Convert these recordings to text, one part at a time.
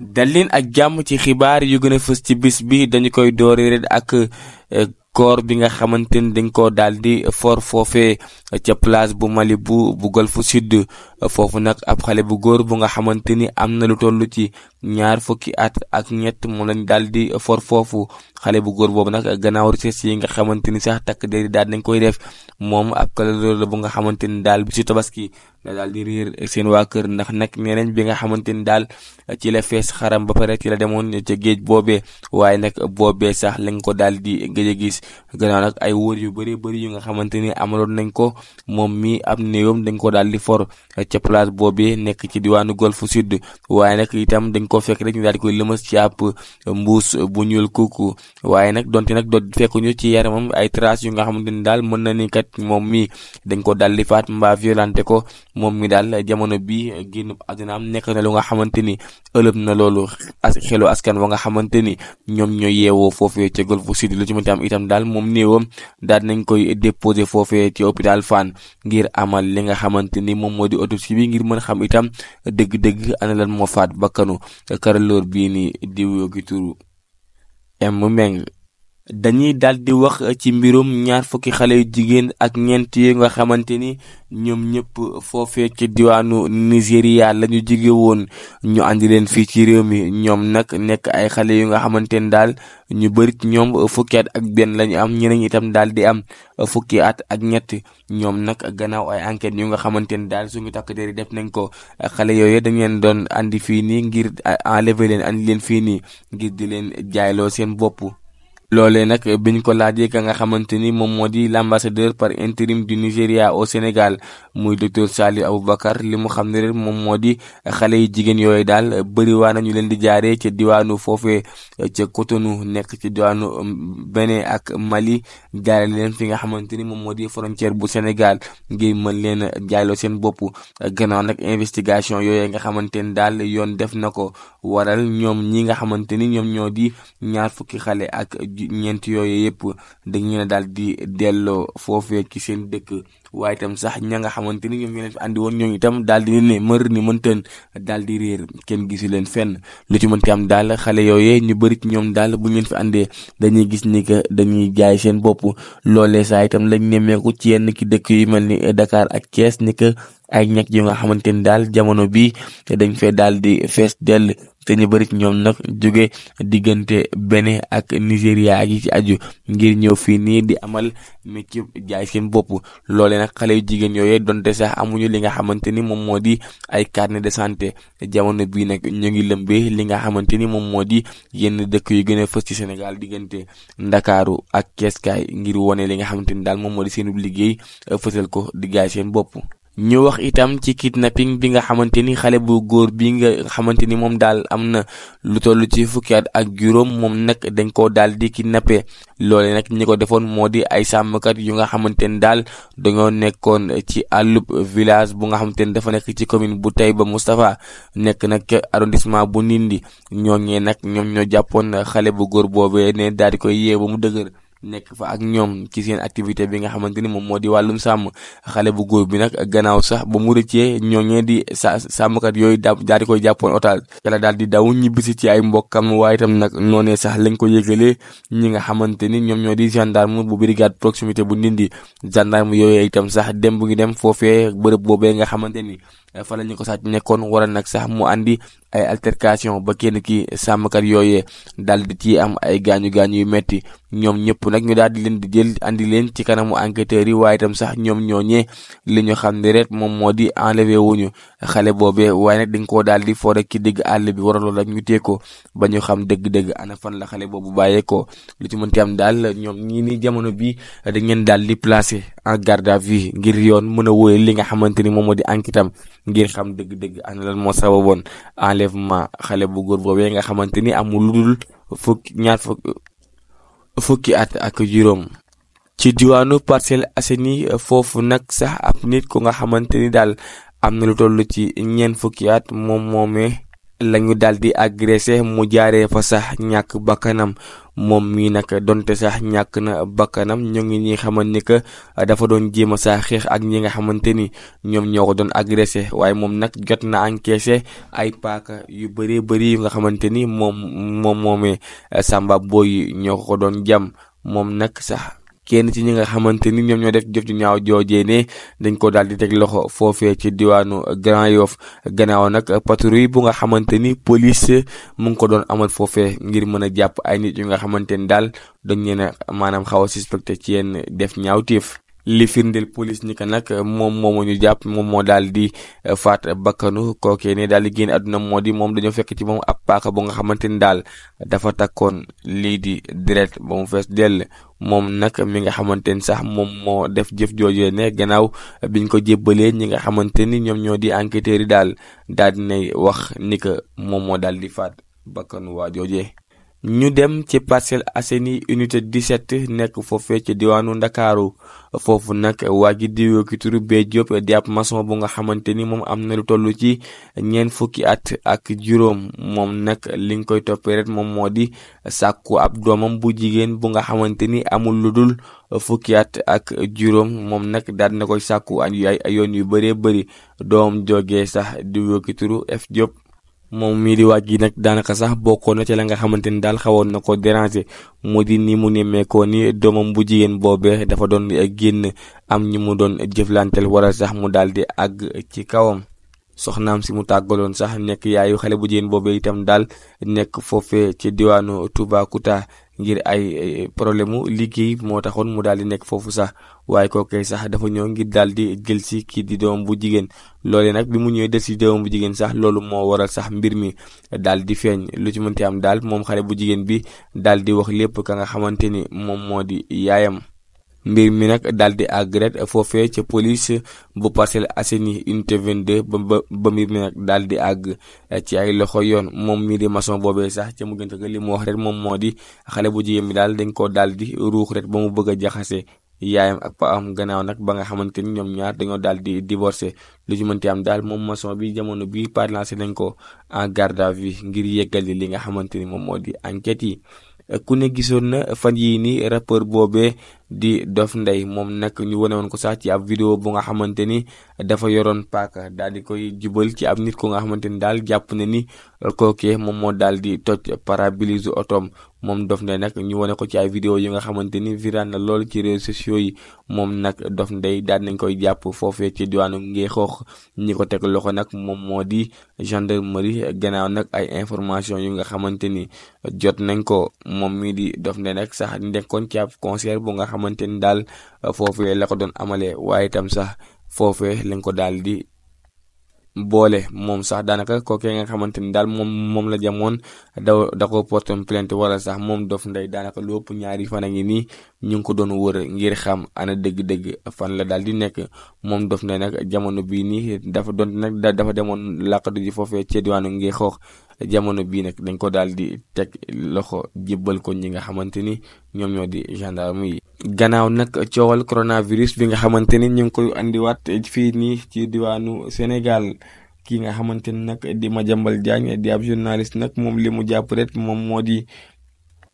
dal leen ak jàmm ci xibaar yu gën fës ci bis bi dañu koy doori rek ak eh, koor bi nga xamante ni dañ koo daal di for foofee ca place bu Mali bu bu Golfe Sud foofu nag ab xale bu góor bu nga xamante ni am na lu toll ci ñaar fukki at ak ñett moom lañ daal di for foofu xale bu góor boobu nag gannaaw recherche yi nga xamante ni sax takk déri daal dañ koy def moom ab kala la bu nga xamante ni daal bi su tabaski daal di réer seen waa kër ndax nag nee bi nga xamante ni daal ci la fees xaram ba pare ci la demoon ca géej boobe waaye nag boobee sax lañ ko daal di gëj gis gannaaw nag ay wóor yu bëri bëri yu nga xamante ni amaloon nañ ko moom mi am néewam dañ ko daal di for ca place boobee nekk ci diwaanu golfe sud waaye nag itam dañ ko fekk rek ñu daal di koy lëmas ci ab mbuus bu ñuul kuku waaye nag donte nag do fekkuñu ci yaramam ay traces yu nga xamante ni daal mën na ni kat moom mi dañ ko daal mbaa violenté ko moom mi daal jamono bi génn àddinaam nekk na lu nga xamante ni ëlëb na loolu as xelu askan wa nga xamante ni ñoom ñooy yeewoo foofee ca Golf Sud lu ci mën am itam daal moom néewam daal nañ koy déposé foofee ci hôpital Fann ngir amal li nga xamante ni moom moo di autopsie bi ngir mën xam itam dëgg-dëgg ana lan moo faat bakkanu karaloor bii ni diw yoogi turu M Meng dañuy daal di wax ci mbirum ñaar fukki xale yu jigéen ak ñeent yi nga xamante ni ñoom ñëpp foofee ci diwaanu Nigéria la ñu jige woon ñu andi leen fii ci réew mi ñoom nag nekk ay xale yu nga xamante ni daal ñu bëri ñoom fukki at ak benn lañu am ñeneen itam daal di am fukki at ak ñett ñoom nag gannaaw ay enquêtes yu nga xamante ni daal suñu takk der def nañ ko xale yooyu dañ leen doon indi fii nii ngir enlever leen andi leen fii nii ngir di leen jaayloo seen bopp. loolee nag biñ ko laajee ka nga xamante ni moom moo di l'ambassadeur par intérim du Nigéria au Sénégal muy docteur Saliou Aboubacar li mu xam ne rek moom moo di xale yi jigéen yooyu daal bëriwaa nañu leen di jaaree ca diwaanu foofee ca Cotonou nekk ci diwaanu um, Bénin ak Mali jaare leen fi nga xamante ni moom moo di frontière bu Sénégal ngir mën leen a jaayloo seen bopp gannaaw nag investigation yooyu nga xamante ni daal yoon def na ko waral ñoom ñi nga xamante ni ñoom ñoo di ñaar fukki xale ak ñeent yooyu yëpp dañu ne daal di delloo foofee ci seen dëkk waaye itam sax ña nga xamante ni ñoom ñoo leen fi itam daal di ne mër ni mëntaan daal di réer kenn gisu leen fenn lu ci mënti am daal xale yooyee ñu bëri ñoom daal bu ñu leen fi andee dañuy gis ni que dañuy jaay seen bopp loolee saa itam lañ nemmeeku ci yenn ki dëkk yu mel ni Dakar ak Thiès ni ay ñàkk yu nga xamante ni daal jamono bii te dañ fee daal di fees dell te ñu bëri ñoom nag jóge diggante Bénin ak Nigéria yi ci aju ngir ñëw fii nii di amal métier jaay seen bopp loolee nag xale yu jigéen yooyee donte sax amuñu li nga xamante ni moom moo di ay carnet de santé jamono bii nag ñu ngi lëmbee li nga xamante ni moom moo di yenn dëkk yu gën a fës ci Sénégal diggante Ndakaaru ak Keeskaay ngir wone li nga xamante ni daal moom moo di seenu liggéey fësal ko di seen bopp ñu wax itam ci kidnapping bi nga xamante ni xale bu góor bi nga xamante ni moom daal am na lu toll ci fukki at ak juróom moom nag dañ ko daal di kidnappé loole nag ñi ko defoon moo di ay sàmmkat yu nga xamante ni daal dañoo nekkoon ci àllub village bu nga xamante ni dafa nekk ci commune bu Taïba Moustapha nekk nag arrondissement bu Ndindi ñooñee nag ñoom ñoo jàppoon xale bu góor boobee ne daal di koy yee ba mu dëgër. nekk fa ak ñoom ci seen activité bi nga xamante ni moom moo di wàllum sàmm xale bu góor bi nag gannaaw sax ba mu rëccee ñooñee di sa sàmmkat yooyu da daal di koy jàppoon otage yàlla daal di daw ñibbisi ci ay mbokkam waaye itam nag noonee sax lañ ko yëgalee ñi nga xamante ni ñoom ñoo di gendarme bu brigade proximité bu ndindi gendarme yooyu itam sax dem bu dem foofee bërëb boobee nga xamante ni fa la ñu ko sàcc nekkoon waral nag sax mu andi ay altercation ba kenn ki sàmmkat yooyee daal di am ay gaañu gaañu yu metti ñoom ñëpp nag ñu daal di leen di jël andi leen ci kanamu enquêteurs yi waaye itam sax ñoom ñooñee li ñu xam ne moom moo di enlevé wuñu xale boobee waaye nag koo daal di foo rek ci digg àll bi waraloon rek ñu teg ko ba ñu xam dëgg-dëgg ana fan la xale boobu bàyyee ko lu ci mënti am daal ñoom ñii nii jamono bi dañ leen daal di placé en garde à vue ngir yoon mën a wóoye li nga xamante ni moom moo di enquête ngir xam dëgg-dëgg ana lan moo sababoon enlèvement xale bu góor boobee nga xamante ni amul lu dul fukki ñaar fukki at ak juróom. ci diwaanu Parcelles Assainies foofu nag sax ab nit ku nga xamante ni daal am na lu toll ci ñeent fukki at moom moomee lañu daldi agressé mu jaaree fa sax ñàkk bakkanam moom mii nag donte sax ñàkk na bakkanam ñu ngi ñi xamante ni que dafa doon jéem a sax xeex ak ñi nga xamante ni ñoom ñoo ko doon agressé waaye moom nag jot na encaissé ay paaka yu bëree bëri yu nga xamante ni moom moom moomee Samba Boy ñoo ko doon jam moom nag sax kenn ci ñi nga xamante ni ñoom ñoo def jëf ju ñaaw joojee ne dañ ko daal di teg loxo foofee ci diwaanu Grand yoof gannaaw nag patrouille bu nga xamante ni police mu ngi ko doon amal foofee ngir mën a jàpp ay nit yu nga xamante ni daal dañ leen a maanaam xaw a suspecté ci yenn def ñaawteef li firndeel police ni que nag moom moomu ñu jàpp moom moo daal di eh, faat bakkanu kookee ne daal di génn àdduna moo di moom dañoo fekk ci moom ab paaka bu nga xamante ni daal dafa takkoon lii di deret ba mu fees dell moom nag mi nga xamante ni sax moom moo def jëf joojee ne gannaaw biñ ko jébbalee ñi nga xamante ni ñoom ñoo di enquêteurs yi daal daal di nay wax ni que moom moo daal di faat bakkanu waa jooje ñu dem ci Parcelles Assainies unité set nekk foofee ci diwaanu ndakaaru foofu nag waa ji di wéy ki turu Bey Diop di ab maçon bu nga xamante ni moom am na lu toll ci ñeent fukki at ak juróom moom nag li nga koy toppee moom moo di sàkku ab doomam bu jigéen bu nga xamante ni amul lu dul fukki at ak juróom moom nag daal na koy sàkku ay yoon yu bëree bëri doom jóge sax di wéy ki Diop moom mii di nag daanaka sax bokkoon na ci la nga xamante ni daal xawoon na ko déranger moo di ni mu nemmeekoo ni doomam bu jigéen boobee dafa doon génn am ñi mu doon jëflanteel wala sax mu daal di àgg ci kawam. soxnaam si mu tàggaloon sax nekk yaayu xale bu jigéen boobee itam daal nekk foofe ci diwaanu Toubacouta ngir ay problème mu liggéey moo taxoon mu daal di nekk foofu sax waaye kookee sax dafa ñëw ngir daal di jël si kii di doom bu jigéen loolee nag bi mu ñëwee des si doom bu jigéen sax loolu moo waral sax mbir mi daal di feeñ lu ci mënti am daal moom xale bu jigéen bi daal di wax lépp ka nga xamante ni moom moo di yaayam. mbir mi nag daal di àgg rek foofee ca police bu Parcelles Assainies unité 22 ba ba mbir mi nag daal di àgg ci ay loxo yoon moom mii di boobee sax ca mu gënt ga li mu wax rek moom moo di xale bu jigéen bi daal dañ koo daal di ruux rek ba mu bëgg jaxasee yaayam ak pa am gannaaw nag ba nga xamante ni ñoom ñaar dañoo daal di divorcé lu ci mënti am daal moom maçon bi jamono bii parlancé nañ ko en garde à vue ngir yeggali li nga xamante ni moom moo di enquête yi. ku ne gisoon na fan yii nii rappeur boobee di Dof ndey moom nag ñu wane woon ko sax ci ab vidéo bu nga xamante ni dafa yoroon paaka daal di koy jubal ci ab nit ko nga xamante ni daal jàpp na ni kookee moom moo daal di toj pare otoom moom Dof Ndeye nag ñu wane ko ci ay vidéo yi nga xamante ni viral lool ci réseaux sociaux yi moom nag Dof ndey daal nañ koy jàpp foofee ci diwaanu Ngéxoox ñi ko teg loxo nag moom moo di gendarmerie gannaaw nag ay information yu nga xamante ni jot nañ ko moom mii di Dof Ndeye nag sax nekkoon ci ab concert bu nga xam xamante ni daal foofee la ko doon amale waaye itam sax foofee lañ ko daal di boole moom sax daanaka kookee nga xamante ni daal moom moom la jamoon da da ko porté plainte wala sax moom Dof Ndeye daanaka lu ñaari fan a ngi nii ñu ngi ko doon wër ngir xam ana dëgg-dëgg fan la daal di nekk moom Dof Ndeye nag jamono bii nii dafa doon nag dafa demoon làqatu ji foofee ci diwaanu ngi xoox jamono bii nag dañ ko daal di teg loxo jébbal ko ñi nga xamante ni ñoom ñoo di gendarme yi. gannaaw nag coowal coronavirus bi nga xamante ni ñu ngi koy andiwaat fii nii ci diwaanu Sénégal ki nga xamante ni nag di Madiambal Diagne di ab journaliste nag moom li mu jàpp moom moo di.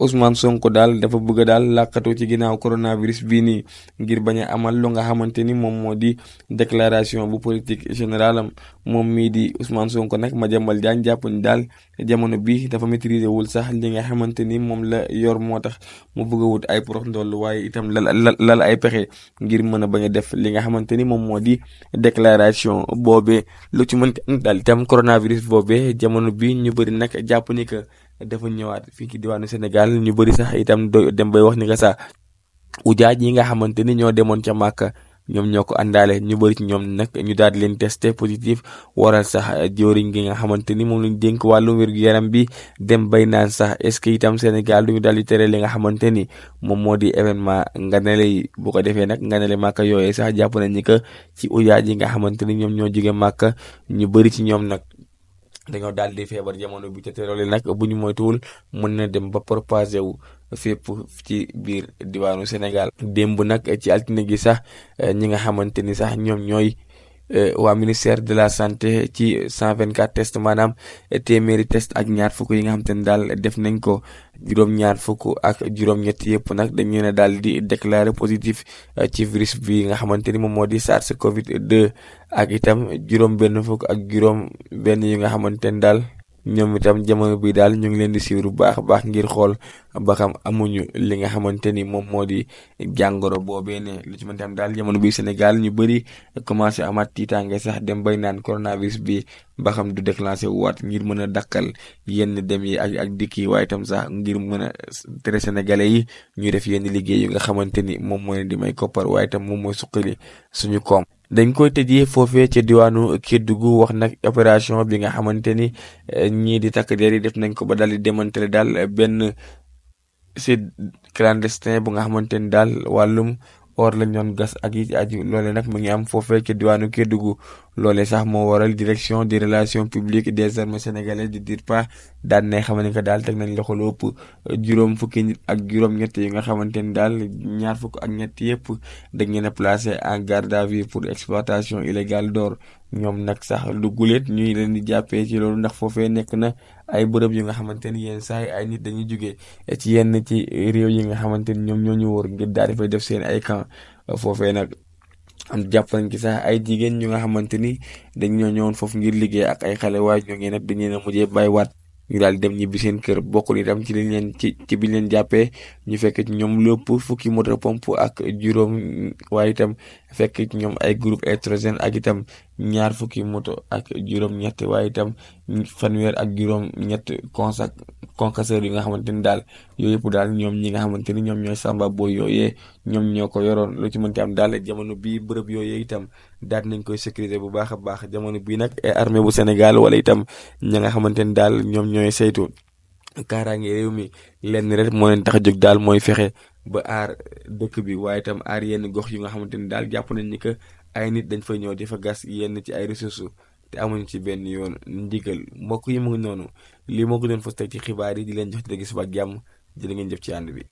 Ousmane sonk daal dafa bëgg daal làqatu ci ginnaaw coronavirus bii nii ngir bañ a amal lu nga xamante ni moom moo di déclaration bu politique générale am moom mii di Ousmane Sonko nag Madiambal Diagne jàpp ni daal jamono bi dafa maîtriser wul sax li nga xamante ni moom la yor moo tax mu bëgg wut ay porox ndoll waaye itam lal lal ay pexe ngir mën a bañ a def li nga xamante ni moom moo di déclaration boobee lu ci mën daal itam coronavirus boobee jamono bi ñu bëri nag jàpp ni que dafa ñëwaat fii ci diwaanu Sénégal ñu bari sax itam dem bay wax ni nga sax ujaaj yi nga xamante ni ñoo demoon ca Màkka ñoom ñoo ko àndaale ñu bëri ci ñoom nag ñu daal di leen testé positif waral sax jëwriñ gi nga xamante ni moom lañ dénk wàllu wér-gu-yaram bi dem bay naan sax est itam Sénégal du ñu daal di tere li nga xamante ni moom moo di événement nganale yi bu ko defee nag nganale Màkka yooyee sax jàpp nañ ni que ci ujaaj yi nga xamante ni ñoom ñoo jóge Màkka ñu bëri ci ñoom nag dañoo daal di feebar jamono bi te loolu nag bu ñu moytuwul mën na dem ba propagé wu fépp ci biir diwaanu Sénégal démb nag ci altine gi sax eh, ñi nga xamante ni sax ñoom ñooy. Eh, waa ministère de la santé ci 124 test maanaam eh, téeméeri test ak ñaar fukk yi nga xam te daal def nañ ko juróom-ñaar fukk ak juróom-ñett yëpp nag dañu ne daal di déclaré positif eh, ci virus bi nga xamante ni moom moo di SARS Covid 2 ak itam juróom-benn fukk ak juróom-benn yi nga xamante ne daal. ñoom itam jamono bi daal ñu ngi leen di siiw bu baax a baax ngir xool ba xam amuñu li nga xamante ni moom moo di jàngoro boobee ne lu ci mën tam daal jamono bi Sénégal ñu bëri commencé amaat tiitaange sax dem bay naan coronavirus bi ba xam du déclenché waat ngir mën a dakkal yenn dem yi ak ak dikk yi waaye itam sax ngir mën a tere sénégalais yi ñuy def yenn liggéey yu nga xamante ni moom mooy di may koppar waaye itam moom mooy suqali suñu koom. dañ koy tëjee foofee ca diwaanu Kédougou wax nag opération bi nga xamante ni eh, ñii di takk der yi def nañ ko ba daal di démantelé daal benn site clandestin bu nga xamante ni daal wàllum or lañ doon gas ak yi ci aju loole nag mu ngi am foofee ca diwaanu Kédougou loole sax moo waral direction des relation publique des armées sénégalais di DIRPA daan ne xam ne daal teg nañ loxo lu ëpp euh, juróom fukki ak juróom-ñett yi nga xamante ni daal ñaar fukk ak ñett yëpp dañ ngeen a placé en garde à vue pour exploitation illégale d'or ñoom nag sax du guléet ñuy leen di jàppee ci loolu ndax foofee nekk na ay bërëb yu nga xamante ni yenn saa ay nit dañuy jugee ci yenn ci réew yi nga xamante ni ñoom ñoo ñu wër ngir daal di def seen ay camp foofee nag am jàpp nañ sax ay jigéen ñu nga xamante ni dañ ñoo ñëwoon foofu ngir liggéey ak ay xale waaye ñoo ngi nag dañu leen a mujjee waat ñu daal dem ñibbi seen kër bokkul itam ci liñ leen ci ci biñ leen jàppee ñu fekk ci ñoom lépp fukki moto pompe ak juróom waaye itam fekk ñoom ay groupe électrogène ak itam ñaar fukki moto ak juróom-ñett waaye itam fanweer ak juróom-ñett consac concasseur yi nga xamante ni daal yooyu yëpp daal ñoom ñi nga xamante ni ñoom ñooy Samba Boy ñoom ñoo ko yoroon lu ci mënti am daal jamono bii bërëb yooyee itam daal nañ koy bu baax a baax jamono bii nag armée bu Sénégal wala itam ñi nga xamante ni daal ñoom ñooy saytu kaaraange réew mi lenn rek moo leen tax a jóg daal mooy fexe ba aar dëkk bi waaye itam aar yenn gox yi nga xamante ni daal jàpp nañ ni que ay nit dañ fa ñëw di fa gas yenn ci ay ressources te amuñu ci benn yoon ndigal mbokk yi mu ngi noonu lii moo ko doon fas teg ci xibaar yi di leen jox di gis ba jàmm jërë ngeen jëf ci ànd bi.